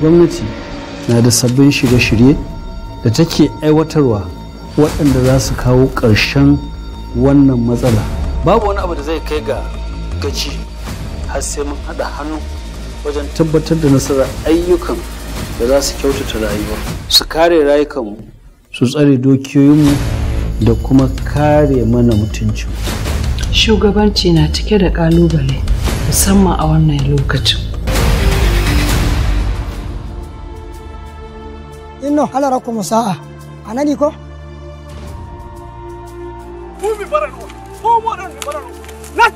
gwamnati na da sabbin shirye-shirye da take aiwatarwa waɗanda za su kawo ƙarshen wannan matsala babu wani abu da zai kai ga gaci har sai mun haɗa hannu wajen tabbatar da nasarar ayyukan da za su kyautata rayuwa su kare rayukanmu su tsare dokiyoyinmu da kuma kare mana mutuncin shugabanci na cike da ƙalubale musamman a wannan lokacin inno ala rakko mo sa'a a nani ko kumi barano ko moɗon dan barano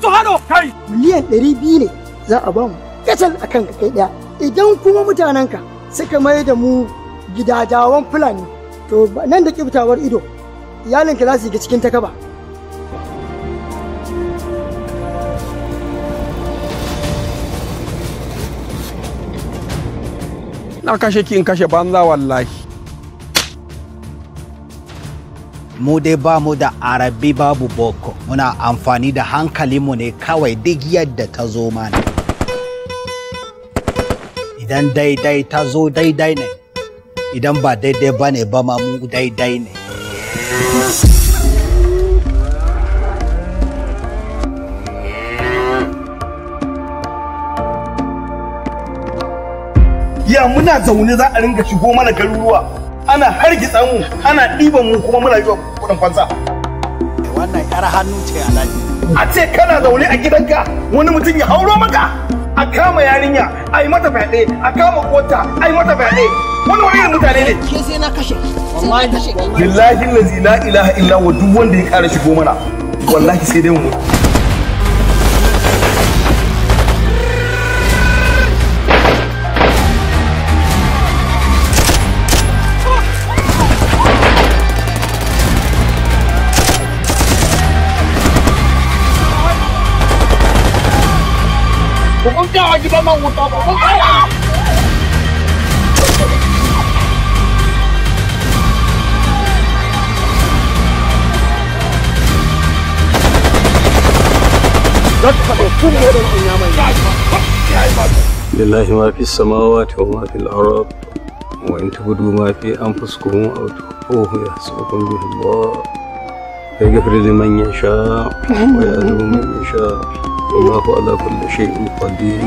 to kai miliyan ɗari biyu ne za a bamu kacal a kan kai ɗaya idan kuma mutanen ka suka mai da mu gidajawan fulani to nan da kibtawar ido iyalinka za su yi cikin takaba na kashe ki in kashe banza wallahi mu dai ba mu da arabi babu boko muna amfani da mu ne kawai duk yadda ta zo mana idan daidai ta zo daidai ne idan ba daidai ba ne ba ma mu daidai ne ya muna zaune za a ringa shigo mana garuruwa ana hargitsa mu ana ɗiban mu kuma muna yi wa kuɗin fansa. Wannan yar hannu ce alaji. A ce kana zaune a gidanka wani mutum ya hauro maka a kama yarinya a yi mata fyaɗe a kama kota a yi mata fyaɗe wani wani irin mutane ne. Ke sai na kashe. Wallahi. Billahi la ilaha illa wa duk wanda ya ƙara shigo mana. Wallahi sai dai mu. لله ما في السماوات وما في الأرض وإن تبدوا ما في أنفسكم أو تخفوه يحسبكم به الله kai gafirar da manyan sha wa yazo manyan sha Allahu ala kulli shay'in qadir